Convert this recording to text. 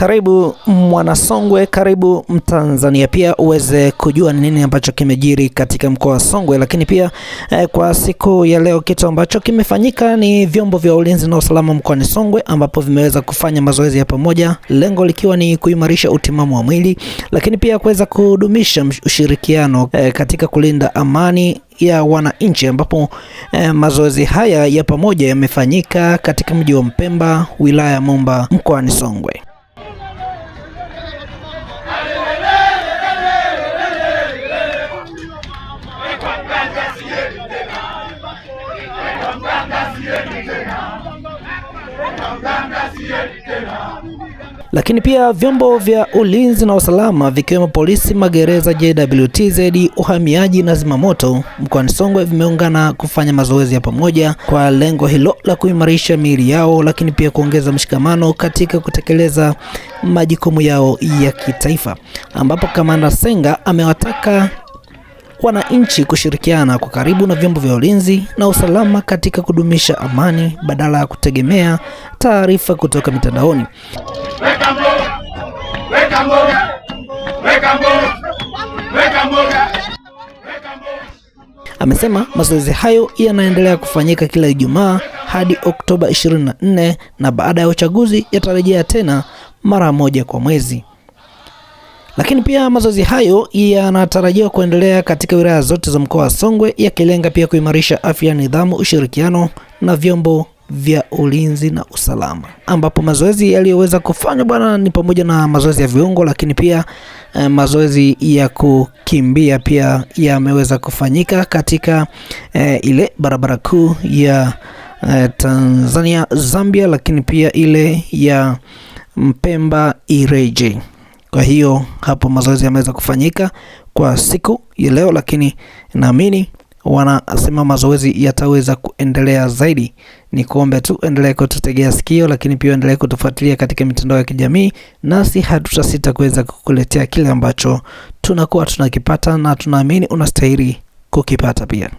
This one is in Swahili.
Karibu Mwanasongwe, karibu Mtanzania, pia uweze kujua ni nini ambacho kimejiri katika mkoa wa Songwe. Lakini pia eh, kwa siku ya leo kitu ambacho kimefanyika ni vyombo vya ulinzi na usalama mkoani Songwe ambapo vimeweza kufanya mazoezi ya pamoja, lengo likiwa ni kuimarisha utimamu wa mwili, lakini pia kuweza kudumisha ushirikiano eh, katika kulinda amani ya wananchi ambapo eh, mazoezi haya ya pamoja yamefanyika katika mji wa Mpemba, wilaya ya Momba, mkoani Songwe. Lakini pia vyombo vya ulinzi na usalama vikiwemo polisi, magereza, JWTZ, uhamiaji na zimamoto mkoani Songwe vimeungana kufanya mazoezi ya pamoja kwa lengo hilo la kuimarisha miili yao, lakini pia kuongeza mshikamano katika kutekeleza majukumu yao ya kitaifa, ambapo Kamanda Senga amewataka wananchi kushirikiana kwa karibu na vyombo vya ulinzi na usalama katika kudumisha amani badala ya kutegemea taarifa kutoka mitandaoni. Weka mboga, weka mboga, weka mboga, Amesema mazoezi hayo yanaendelea kufanyika kila Ijumaa hadi Oktoba 24 na baada ya uchaguzi yatarejea tena mara moja kwa mwezi. Lakini pia mazoezi hayo yanatarajiwa kuendelea katika wilaya zote za mkoa wa Songwe, yakilenga pia kuimarisha afya, nidhamu, ushirikiano na vyombo vya ulinzi na usalama, ambapo mazoezi yaliyoweza kufanywa bwana ni pamoja na mazoezi ya viungo, lakini pia eh, mazoezi ya kukimbia pia yameweza kufanyika katika eh, ile barabara kuu ya eh, Tanzania Zambia, lakini pia ile ya Mpemba Ileje. Kwa hiyo hapo mazoezi yameweza kufanyika kwa siku ya leo, lakini naamini wanasema mazoezi yataweza kuendelea zaidi. Ni kuombe tu endelee kututegea sikio, lakini pia endelee kutufuatilia katika mitandao ya kijamii, nasi hatutasita kuweza kukuletea kile ambacho tunakuwa tunakipata na tunaamini unastahili kukipata pia.